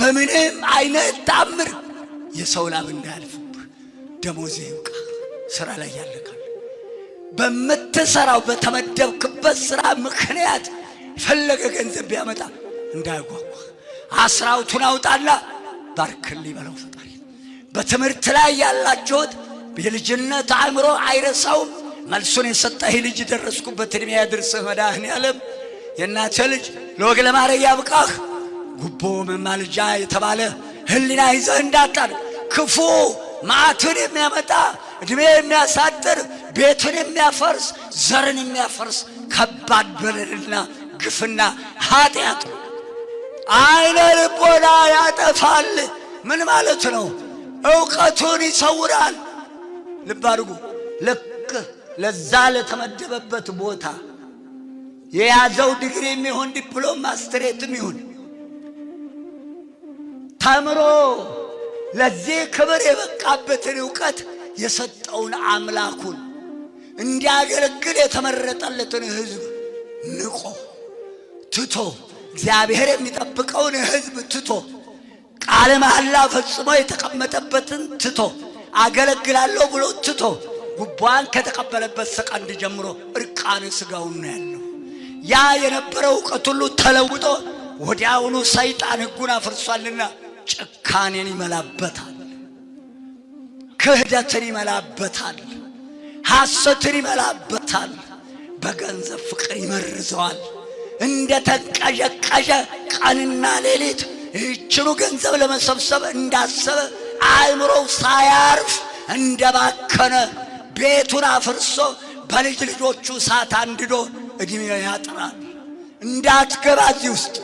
በምንም አይነት ታምር የሰው ላብ እንዳያልፍብህ ደሞዝ ይብቃ። ስራ ላይ ያለካል። በምትሰራው በተመደብክበት ስራ ምክንያት ፈለገ ገንዘብ ቢያመጣ እንዳይጓጓ። አስራውቱን አውጣና ባርክል ይበለው ፈጣሪ። በትምህርት ላይ ያላችሁት የልጅነት አእምሮ አይረሳውም። መልሱን የሰጠህ ልጅ ደረስኩበት እድሜ ያድርስህ መድኃኔ ዓለም። የእናትህ ልጅ ለወግ ለማድረግ ያብቃህ። ጉቦ መማልጃ የተባለ ህሊና ይዘህ እንዳጣር ክፉ ማዕትን የሚያመጣ እድሜ የሚያሳጥር ቤትን የሚያፈርስ ዘርን የሚያፈርስ ከባድ በደልና ግፍና ኃጢአት አይነ ልቦና ያጠፋል። ምን ማለት ነው? እውቀቱን ይሰውራል። ልብ አድርጉ። ልክ ለዛ ለተመደበበት ቦታ የያዘው ዲግሪም የሚሆን ዲፕሎም ማስትሬትም ይሁን ተምሮ ለዚህ ክብር የበቃበትን እውቀት የሰጠውን አምላኩን እንዲያገለግል የተመረጠለትን ሕዝብ ንቆ ትቶ እግዚአብሔር የሚጠብቀውን ሕዝብ ትቶ ቃለ መሐላ ፈጽሞ የተቀመጠበትን ትቶ አገለግላለሁ ብሎ ትቶ ጉባን ከተቀበለበት ሰቀንድ ጀምሮ እርቃነ ስጋውን ነው ያለው። ያ የነበረው እውቀት ሁሉ ተለውጦ ወዲያውኑ ሰይጣን ሕጉን አፍርሷልና ጭካኔን ይመላበታል፣ ክህደትን ይመላበታል፣ ሐሰትን ይመላበታል። በገንዘብ ፍቅር ይመርዘዋል። እንደ ተቀዠቀዠ ቀንና ሌሊት ይህችኑ ገንዘብ ለመሰብሰብ እንዳሰበ አእምሮው ሳያርፍ ባከነ ቤቱን አፍርሶ በልጅ ልጆቹ እሳት አንድዶ እድሜ ያጥራል። እንዳትገባ እዚህ ውስጥ